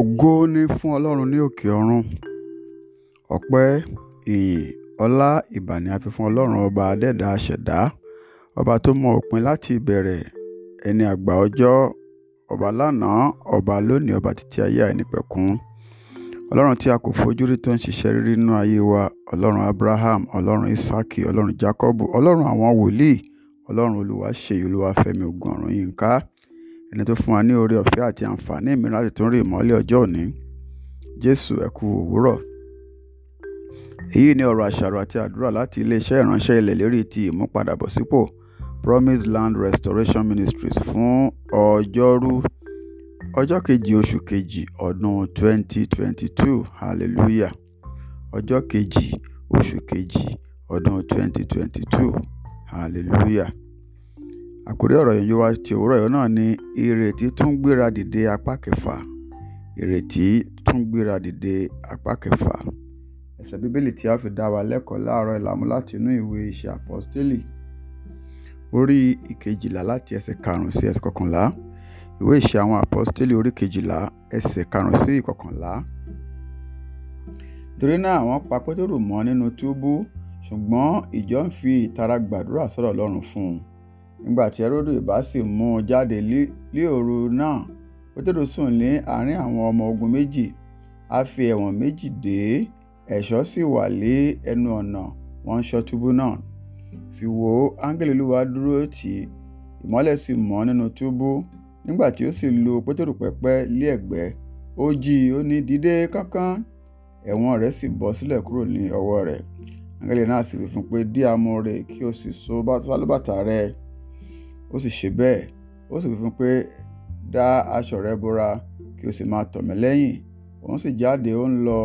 ògo ni fún ọlọ́run ní òkè ọ̀run ọpẹ́ ìyìn ọlá ìbàní àfi fún ọlọ́run ọba adẹ́dá aṣẹ̀dá ọba tó mọ òpin láti ìbẹ̀rẹ̀ ẹni àgbà ọjọ́ ọba lánàá ọba lónìí ọba títí ayé àìnípẹ̀kún ọlọ́run tí a kò fojú rí tó ń ṣiṣẹ́ rírí nínú ayé wa ọlọ́run abraham ọlọ́run isaki ọlọ́run jacob ọlọ́run àwọn wòlíì ọlọ́run olúwa ṣèyí olúwa ògùn ọ̀run yìí ń ẹni tó fún wa ní oore ọ̀fẹ́ àti àǹfààní mìíràn láti tún rí ìmọ́lẹ̀ ọjọ́ òní jésù ẹ kú òwúrọ̀ èyí ni ọ̀rọ̀ àṣàrò àti àdúrà láti iléeṣẹ́ ìránṣẹ́ ilẹ̀ lérí ti ìmúpadàbọ̀sípò promise land restoration ministries fún ọjọ́rú ọjọ́ kejì oṣù kejì ọdún 2022 hallelujah ọjọ́ kejì oṣù kejì ọdún 2022 hallelujah àkórí ọ̀rọ̀ yẹn yóò wá ti òwúrọ̀ yọ náà ni ìrètí tún gbéra dìde apá kẹfà ìrètí tún gbéra dìde apá kẹfà ẹsẹ̀ bíbélì tí a fi dá wa lẹ́kọ̀ọ́ láàárọ̀ ìlàmú láti inú ìwé iṣẹ́ àpọ́stélì orí ìkejìlá láti ẹsẹ̀ karùn-ún sí ẹsẹ̀ kọkànlá ìwé iṣẹ́ àwọn àpọ́stélì orí kejìlá ẹsẹ̀ karùn-ún sí ìkọkànlá torí náà wọ́n pa pétérù mọ́ nínú túbú ṣùgbọ́n ìjọ ń fi ìtara gbàdúrà sọ̀rọ̀ ọlọ́run fún un nígbà tí Herodu ìbá sì mú un jáde lí òru náà Pétérù sùn ní àárín àwọn ọmọ ogun méjì a fi ẹ̀wọ̀n méjì dè é ẹ̀ṣọ́ sì wà lé ẹnu ọ̀nà wọ́n ń ṣọ́ túbú náà sì wò ó áńgẹ́lì Olúwa dúró tì í ìmọ́lẹ̀ sì mọ́ nínú túbú nígbà tí ó sì lu Pétérù pẹ́pẹ́ lé ẹ̀gbẹ́ ó jí i ó ní dìde kánkán ẹ̀wọ̀n rẹ̀ sì bọ́ sílẹ̀ kúrò ní ọwọ́ rẹ̀ áńgẹ́lì náà sì wí fún pé dí amú rẹ̀ kí o sì so sálúbàtà rẹ̀ ó sì ṣe bẹ́ẹ̀ ó sì wí fún pé dá aṣọ rẹ bora kí o sì máa tọ̀ mí lẹ́yìn òun sì jáde ó ń lọ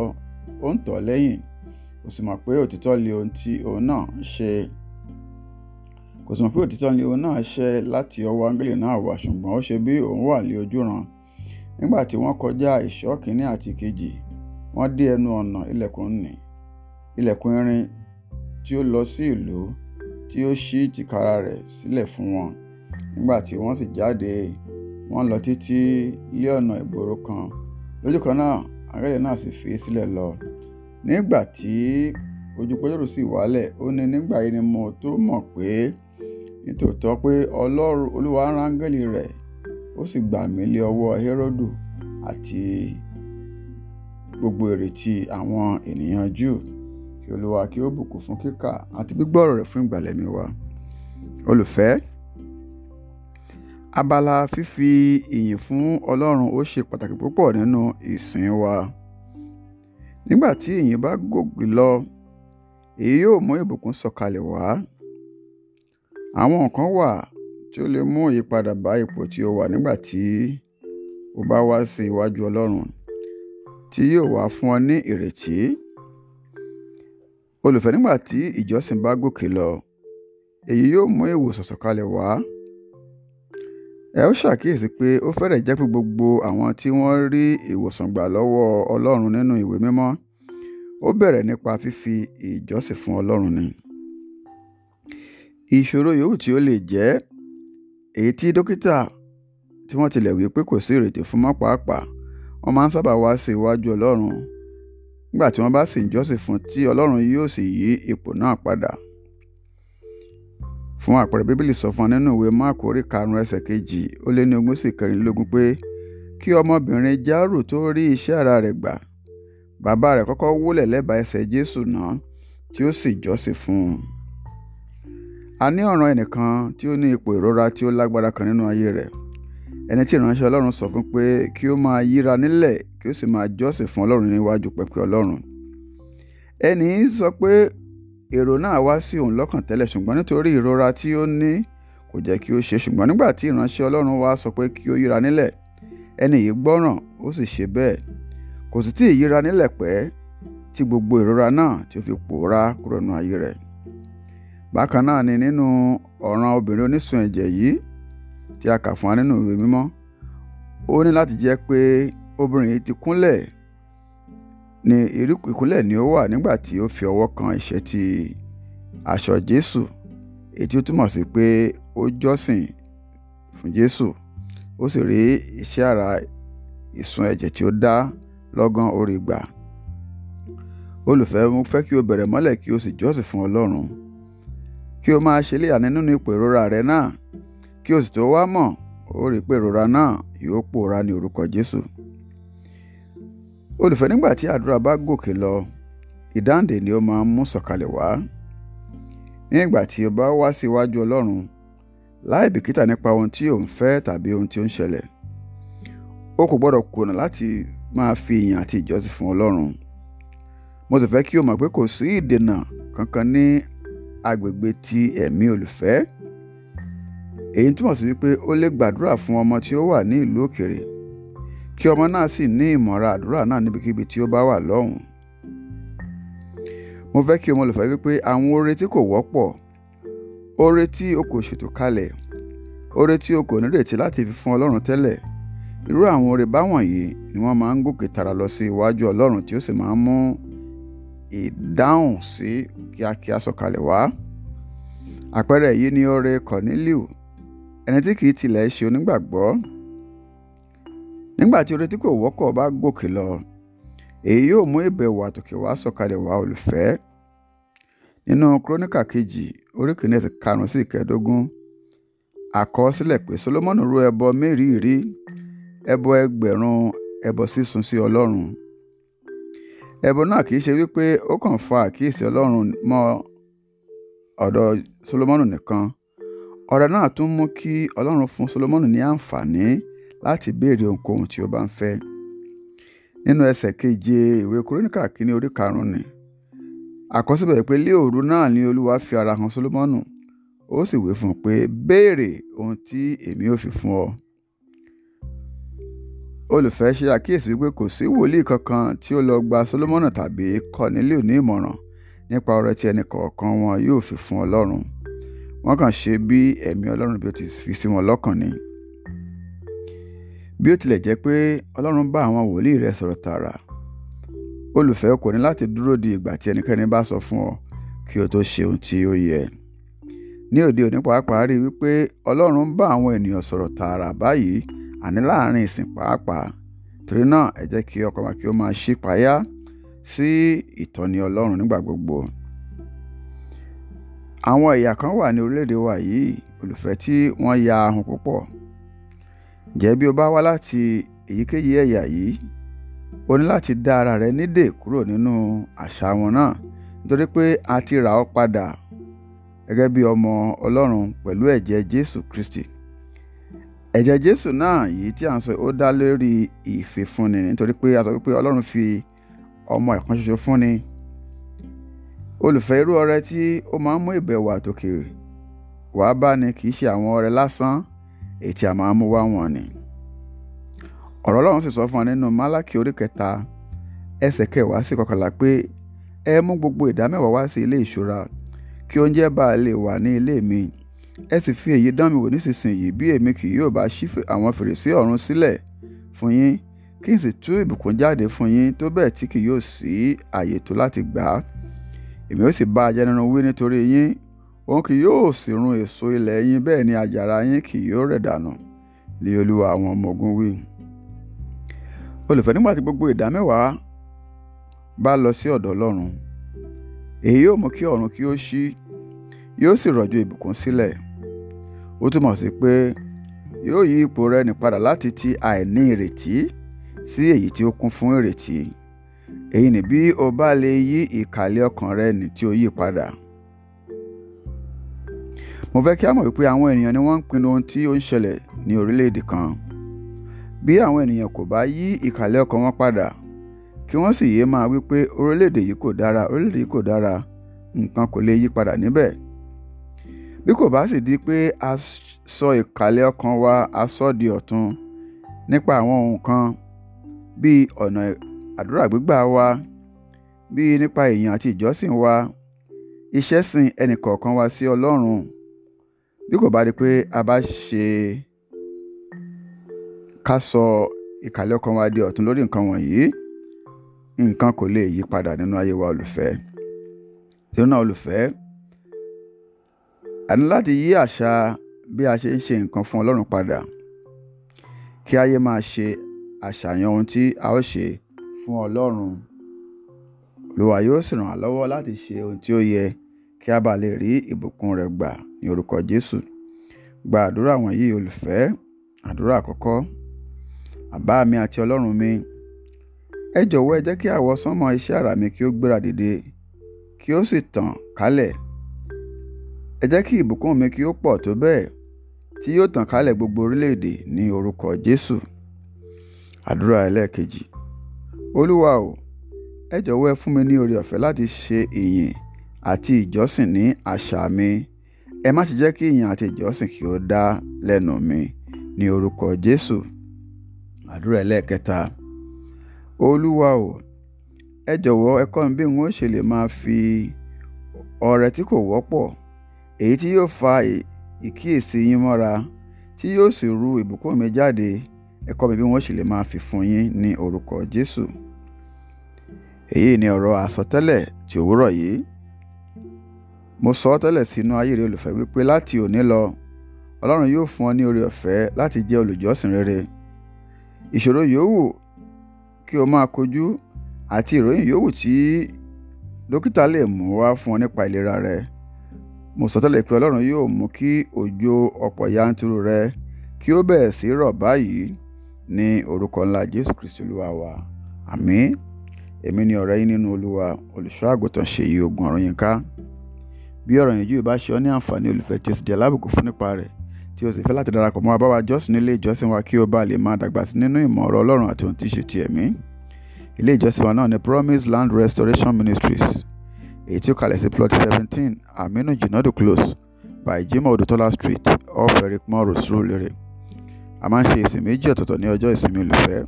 ó ń tọ̀ lẹ́yìn kò sì mọ̀ pé òtítọ́ lé ohun tí òun náà ṣe kò sì mọ̀ pé òtítọ́ lé ohun náà ṣe láti ọwọ́ áńgẹ́lì náà wá ṣùgbọ́n ó ṣe bí òun wà lé ojúran nígbà tí wọ́n kọjá ìṣọ́ kínní àti kejì wọ́n dé ẹnu ọ̀nà ilẹ̀kùn nì ilẹ̀kùn irin tí ó lọ sí ìlú tí ó ṣí tìkára rẹ̀ sílẹ̀ fún wọn nígbà tí wọ́n sì jáde wọ́n lọ títí lé ọ̀nà ìgboro kan lójú kan náà àgẹ́dẹ̀ náà sì fi sílẹ̀ lọ nígbà tí ojú péjọ́rù sì wálẹ̀ ó ní nígbà yìí ni mo tó mọ̀ pé nítòótọ́ pé ọlọ́run olúwa rángẹ́lì rẹ̀ ó sì gbà mí lé ọwọ́ Héródù àti gbogbo ìrètí àwọn ènìyàn Júù kí olúwa kí ó bùkún fún kíkà àti gbígbọ́ ọ̀rọ̀ rẹ̀ fún ìgbàlẹ̀ mi wa olùfẹ́ Abala fífi ìyìn fún Ọlọ́run ó ṣe pàtàkì púpọ̀ nínú ìsìn wa. Nígbà tí ìyìn bá gòkè lọ, èyí yóò mú ìbùkún sọ̀kalẹ̀ wá. Àwọn nǹkan wà tí ó lè mú ìyípadà bá ipò tí o wà nígbà tí o bá wá sí iwájú Ọlọ́run, tí yóò wá fún ọ ní ìrètí. Olùfẹ́ nígbà tí ìjọsìn bá gòkè lọ, èyí yóò mú ìwòsàn sọ̀kalẹ̀ wá ẹ ó ṣàkíyèsí pé ó fẹ́rẹ̀ jẹ́ pé gbogbo àwọn tí wọ́n rí ìwòsàn gbà lọ́wọ́ ọlọ́run nínú ìwé mímọ́ ó bẹ̀rẹ̀ nípa fífi ìjọsìn fún ọlọ́run ni. ìṣòro yòówù tí ó lè jẹ́ èyí tí dókítà tí wọ́n tilẹ̀ wí pé kò sí ìrètí fún mọ́ pàápàá wọ́n máa ń sábà wá sí iwájú ọlọ́run nígbà tí wọ́n bá sì ń jọ́sìn fún tí ọlọ́run yóò sì yí ipò náà padà fún àpẹẹrẹ bíbélì sọ fún wa nínú ìwé máàkù orí karùnún ẹsẹ̀ kejì ó lé ní ogún sí kẹrìnlélógún pé kí ọmọbìnrin járù tó rí iṣẹ́ ara rẹ̀ gbà bàbá rẹ̀ kọ́kọ́ wólẹ̀ lẹ́bàá ẹsẹ̀ jésù náà tí ó sì jọ́sìn fún un. a ní ọ̀ràn ẹnìkan tí ó ní ipò ìrora tí ó lágbára kan nínú ayé rẹ̀ ẹni tí ìránṣẹ́ ọlọ́run sọ fún pé kí ó máa yíra nílẹ̀ kí ó sì máa jọ́sìn fún ọlọ́run níwájú pẹpẹ ọlọ́run ẹni sọ pé èrò náà wá sí òun lọ́kàn tẹ́lẹ̀ ṣùgbọ́n nítorí ìrora tí ó ní kò jẹ́ kí ó ṣe ṣùgbọ́n nígbà tí ìránṣẹ́ ọlọ́run wá sọ pé kí ó yíra nílẹ̀ ẹni yìí gbọ́ràn ó sì ṣe bẹ́ẹ̀ kò sì tí ì yíra nílẹ̀ pẹ́ tí gbogbo ìrora náà tí fi pòórá kúrò nínú ayé rẹ̀ bákan náà ni nínú ọ̀ràn obìnrin onísun ẹ̀jẹ̀ yìí tí a kà fún wa nínú ìwé mímọ́ ó ní láti jẹ́ pé obìnrin yìí ti kúnlẹ̀ ní ìkúnlẹ̀ ni ó wà nígbà tí ó fi ọwọ́ kan ìṣẹ́tí aṣọ Jésù èyí ó túmọ̀ sí pé ó jọ́sìn fún Jésù ó sì rí iṣẹ́ ara ìsun ẹ̀jẹ̀ tí ó dá lọ́gán orí gbà olùfẹ́ mo fẹ́ kí o bẹ̀rẹ̀ mọ́lẹ̀ kí o sì jọ́sìn fún Ọlọ́run kí o máa ṣe léyà nínú ipò ìrora rẹ náà kí o sì tó wá mọ̀ ó rí i pé ìrora náà yóò pòórá ní orúkọ Jésù olùfẹ́ nígbà tí àdúrà bá gòkè lọ ìdáǹdè ni ó máa ń mú sọ̀kalẹ̀ wá nígbà tí o bá wá sí iwájú ọlọ́run láì bìkítà nípa ohun tí ò fẹ́ tàbí ohun tí ó ń ṣẹlẹ̀ o kò gbọ́dọ̀ kùnà láti máa fi ìyìn àti ìjọsìn fún ọlọ́run mo sì fẹ́ kí o mọ̀ pé kò sí ìdènà kankan ní agbègbè ti ẹ̀mí olùfẹ́ èyí túmọ̀ sí wípé o lè gbàdúrà fún ọmọ tí ó wà ní ìlú òkèrè kí ọmọ náà sì ní ìmọ̀ra àdúrà náà níbikíbi tí ó bá wà lọ́hùn. mo fẹ́ kí o mọ̀ olùfẹ́ wípé àwọn oore tí kò wọ́pọ̀ oore tí o kò ṣètò kalẹ̀ oore tí o kò nírètí láti fi fún ọlọ́run tẹ́lẹ̀ irú àwọn oore báwọ̀nyí ni wọ́n máa ń gòkè tààrà lọ sí iwájú ọlọ́run tí ó sì máa ń mú ìdáhùn sí kíákíá sọ̀kalẹ̀ wá àpẹẹrẹ yìí ni oore Corneliu ẹni tí kìí tilẹ̀ ṣe onígbàgbọ́ nígbà tí oore tí kò wọ́pọ̀ bá gòkè lọ èyí yóò mú ìbẹ̀wò àtòkè wá sọ̀kalẹ̀ wá olùfẹ́ nínú króníkà kejì orí kìíní ẹsẹ̀ karùn-ún sí ìkẹẹ̀dógún àkọsílẹ̀ pé Sólómọ́nì rú ẹbọ mẹ́rìírí ẹbọ ẹgbẹ̀rún ẹbọ sísun sí Ọlọ́run ẹbọ náà kìí ṣe wípé ó kàn fa àkíyèsí Ọlọ́run mọ́ ọ̀dọ̀ Sólómọ́nì nìkan ọ̀rọ̀ náà tún mú kí Ọlọ́run fún Sólómọ́nì ní àǹfààní láti béèrè ohunkóhun tí ó bá ń fẹ́. nínú ẹsẹ̀ keje ìwé kórónìkà kínní orí karùn-ún ni àkọsílẹ̀ yìí pé lé òru náà ni olúwa fi ara hàn solomoni ó sì wí fún un pé béèrè ohun tí èmi ò fi fún ọ. olùfẹ́ ṣe àkíyèsí wípé kò sí wòlíì kankan tí ó lọ gba solomoni tàbí kọ́nilé ní ìmọ̀ràn nípa ọrẹ tí ẹnì kọ̀ọ̀kan wọn yóò fi fún ọlọ́run wọ́n kàn ṣe bí ẹ̀mí ọlọ́run bí ó ti fi sí wọn lọ́kàn ni bí ó tilẹ̀ jẹ́ pé ọlọ́run bá àwọn wòlíì rẹ̀ sọ̀rọ̀ tààrà olùfẹ́ kò ní láti dúró di ìgbà tí ẹnikẹ́ni bá sọ fún ọ kí o tó ṣe ohun tí ó yẹ ní òde òní pàápàá rí wípé ọlọ́run bá àwọn ènìyàn sọ̀rọ̀ tààrà báyìí àní láàrin ìsìn pàápàá torí náà ẹ jẹ́ kí ọkàn wa kí ó máa ṣí payá sí ìtọ́ni ọlọ́run nígbà gbogbo àwọn ẹ̀yà kan wà ní orílẹ̀-èdè wa yìí olùfẹ́ tí wọ́n ya ahun púpọ̀ jẹ́ bí o bá wá láti èyíkéyìí ẹ̀yà yìí o ní láti dá ara rẹ nídè kúrò nínú àṣà wọn náà nítorí pé a ti rà ọ́ padà gẹ́gẹ́ bí ọmọ ọlọ́run pẹ̀lú ẹ̀jẹ̀ jésù kristi ẹ̀jẹ̀ jésù náà yìí tí à ń sọ ó dá lórí ìfìfúnni nítorí pé a sọ pé ọlọ́run fi ọmọ ẹ̀kan ṣoṣo fúnni olùfẹ́ irú ọrẹ tí ó máa ń mú ìbẹ̀wò àtòkè wàá bá ni kì í ṣe àwọn ọrẹ lásán ètí àmọ́ amú wá wọn ni ọ̀rọ̀ ọlọ́run sì sọ fún wa nínú málákì orí kẹta ẹsẹ̀ kẹwàá sí kọkànlá pé ẹ mú gbogbo ìdá mẹ́wàá wá sí ilé ìṣúra kí oúnjẹ bá a lè wà ní ilé mi ẹ sì fi èyí dán mi wò nísinsìnyí bí èmi kì yóò bá ṣí àwọn fèrèsé ọ̀run sílẹ̀ fún yín kí n sì tú ìbùkún jáde fún yín tó bẹ́ẹ̀ tí kì yóò sí àyè tó láti gbà á èmi ó sì bá ajẹnirun wí nítorí yín òun kì yóò sì run èso ilẹ̀ yín bẹ́ẹ̀ ni àjàrà yín kì yóò rẹ̀ dànù ní olúwa àwọn ọmọ ogun wí. olùfẹ́ nígbà tí gbogbo ìdá mẹ́wàá bá lọ sí ọ̀dọ̀ ọlọ́run èyí yóò mú kí ọ̀run kí ó ṣí yóò sì rọ̀jò ìbùkún sílẹ̀ ó túmọ̀ sí pé yóò yí ipò rẹ nì padà láti ti àìní ìrètí sí èyí tí ó kún fún ìrètí èyí ni bí o bá lè yí ìkàlẹ̀ ọkàn rẹ nì tí ó yí padà mo fẹ́ kí a mọ̀ wípé àwọn ènìyàn ni wọ́n ń pinnu ohun tí ó ń ṣẹlẹ̀ ní orílẹ̀-èdè kan bí àwọn ènìyàn kò bá yí ìkàlẹ̀ ọkàn wọn padà kí wọ́n sì yéé máa wípé orílẹ̀-èdè yìí kò dára orílẹ̀-èdè yìí kò dára nǹkan kò lè yí padà níbẹ̀ bí kò bá sì di pé a sọ ìkàlẹ̀ ọkàn wa a sọ di ọ̀tun nípa àwọn ohun kan bíi ọ̀nà àdúrà gbígbà wa bíi nípa èèyàn àti ìjọsìn wa iṣẹ́ sìn ẹnìkọ̀ọ̀kan wa sí Ọlọ́run bí kò bá di pé a bá ṣe ká sọ ìkàlẹ̀ ọkàn wa di ọ̀tún lórí nǹkan wọ̀nyí nǹkan kò lè yí padà nínú ayé wa olùfẹ́ nínú náà olùfẹ́ àní láti yí àṣà bí a ṣe ń ṣe nǹkan fún Ọlọ́run padà kí ayé máa ṣe àṣàyàn ohun tí a ó ṣe fún Ọlọ́run Olúwa yóò sì ràn án lọ́wọ́ láti ṣe ohun tí ó yẹ kí a bá lè rí ìbùkún rẹ̀ gbà ní orúkọ Jésù gba àdúrà wọ̀nyí olùfẹ́ àdúrà àkọ́kọ́ àbá mi àti ọlọ́run mi ẹ jọ̀wọ́ ẹ jẹ́ kí àwọ̀ sánmọ̀ iṣẹ́ àrà mi kí ó gbéra dìde kí ó sì tàn kálẹ̀ ẹ jẹ́ kí ìbùkún mi kí ó pọ̀ tó bẹ́ẹ̀ tí yóò tàn kálẹ̀ gbogbo orílẹ̀-èdè ní orúkọ Jésù àdúrà ẹlẹ́ẹ̀kejì olúwa o ẹ jọ̀wọ́ ẹ fún mi ní oore ọ̀fẹ́ láti ṣe ìyìn àti ìjọsìn ní àṣà mi ẹ má ṣe jẹ́ kí ìyìn àti ìjọsìn kí ó dá lẹ́nu mi ní orúkọ Jésù àdúrà ẹlẹ́ẹ̀kẹta olúwa o ẹ jọ̀wọ́ ẹ kọ́ mi bí n ó ṣe lè máa fi ọrẹ tí kò wọ́pọ̀ èyí tí yóò fa ìkíyèsí yín mọ́ra tí yóò sì ru ìbùkún mi jáde ẹ mi bí wọ́n ṣe lè máa fi fún yín ní orúkọ Jésù èyí ni ọ̀rọ̀ àsọtẹ́lẹ̀ ti òwúrọ̀ yìí mo sọ ọ́ tẹ́lẹ̀ sínú ayé rẹ olùfẹ́ wípé láti òní lọ ọlọ́run yóò fún ọ ní oore ọ̀fẹ́ láti jẹ́ olùjọ́sìn rere ìṣòro yòówù kí o máa kojú àti ìròyìn yòówù tí dókítà lè mú wá fún ọ nípa ìlera rẹ mo sọ tẹ́lẹ̀ pé ọlọ́run yóò mú kí òjò ọ̀pọ̀ yanturu rẹ kí ó bẹ̀rẹ̀ sí rọ̀ báyìí ní orúkọ ńlá jésù kristu olúwa wa àmín èmi ni ọ̀rẹ́ yín nínú olúwa olùṣọ́ àgùntàn ṣèyí ogun ọ̀run yín ká bí ọ̀rọ̀ yẹn yóò bá ṣe ọ́ ní àǹfààní olùfẹ́ tí o sì jẹ́ lábùkù fún nípa rẹ̀ tí o sì fẹ́ láti darapọ̀ mọ́ abáwa jọ́sìn nílé ìjọsìn wa kí o bá lè máa dàgbà sí nínú ìmọ̀ ọ̀rọ̀ ọlọ́run àti ohun tí ṣe ti ẹ̀mí ilé ìjọsìn wa náà ni Promise Land Restoration Ministries èyí tí ó kalẹ̀ sí plot seventeen Aminu Junod Close by Jimo Odutola Street off Eric Moro Surulere a máa ń ṣe ìsìn méjì ọ̀tọ̀ọ̀tọ̀ ní ọjọ́ ìsinmi olùfẹ́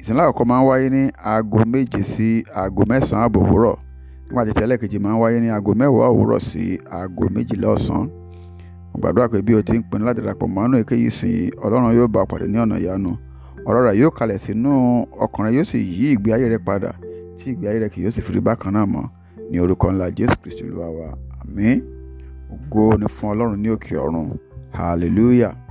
ìsìn láàkọ́kọ́ máa ń wáyé ní aago méje sí aago mẹ́sàn-án àbọ̀ nígbà tí tẹ́lẹ̀ kejì máa ń wáyé ní aago mẹ́wàá òwúrọ̀ sí aago méjìlá ọ̀sán mo gbàdúrà pé bí o ti ń pinnu láti darapọ̀ mọ́ àánú èkéyìí sí ọlọ́run yóò bá pàdé ní ọ̀nà ìyanu ọ̀rọ̀ rẹ̀ yóò kalẹ̀ sínú ọkàn rẹ̀ yóò sì yí ìgbé ayé rẹ̀ padà tí ìgbé ayé rẹ̀ kì yóò sì fi rí bákan náà mọ́ ní orúkọ ńlá jésù kristu olúwa wa àmín ògo ni fún ọlọ́run ní òkè ọ̀run hallelujah